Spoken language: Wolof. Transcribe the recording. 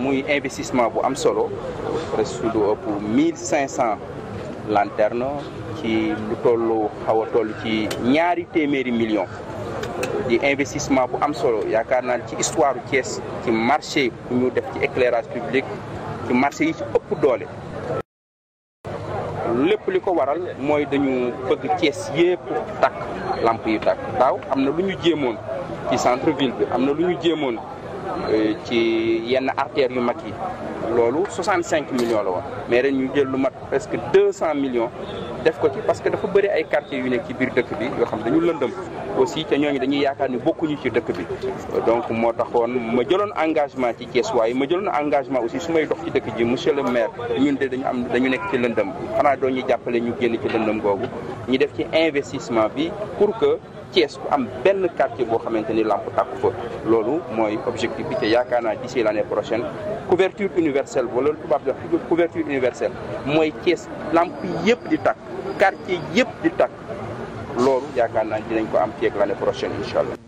muy investissement bu am solo presque ëpp mille cinq cent lanterne ci lu toll xaw a toll ci ñaari téeméeri million di investissement bu am solo yaakaar naa ci histoire u ci marché bu ñu def ci éclairage public ci marché yi ci ëpp doole lépp li ko waral mooy dañu bëgg Thiès yépp takk lamp yu tàkk daaw am na lu ñu jéemoon ci centre ville bi am na lu ñu jéemoon Euh, ci yenn artères yu mag yi loolu 65 millions la woon mais rek ñu jël lu mat presque 200 millions def ko ci parce que dafa bëri ay quartiers yu nekk ci biir dëkk bi yoo xam ne dañu lëndëm aussi te ñooñu dañuy yaakaar ni bokkuñu ci dëkk bi donc moo taxoon ma jëloon engagement ci Thiès waaye ma jëloon engagement aussi su may dox ci dëkk ji monsieur le maire ñun de dañu am dañu nekk ci lëndëm xanaa doo ñu jàppale ñu génn ci lëndëm googu ñu def ci investissement bi pour Thiès ku am benn quartier boo xamante ni lamp tàkku fa loolu mooy objectif bi te yaakaar naa d'ici l'année prochaine couverture universelle wala tubaab di wax couverture universelle mooy Thiès lamp yëpp di tàkk quartier yëpp di tàkk loolu yaakaar naa dinañ ko am fii ak l'année prochaine incha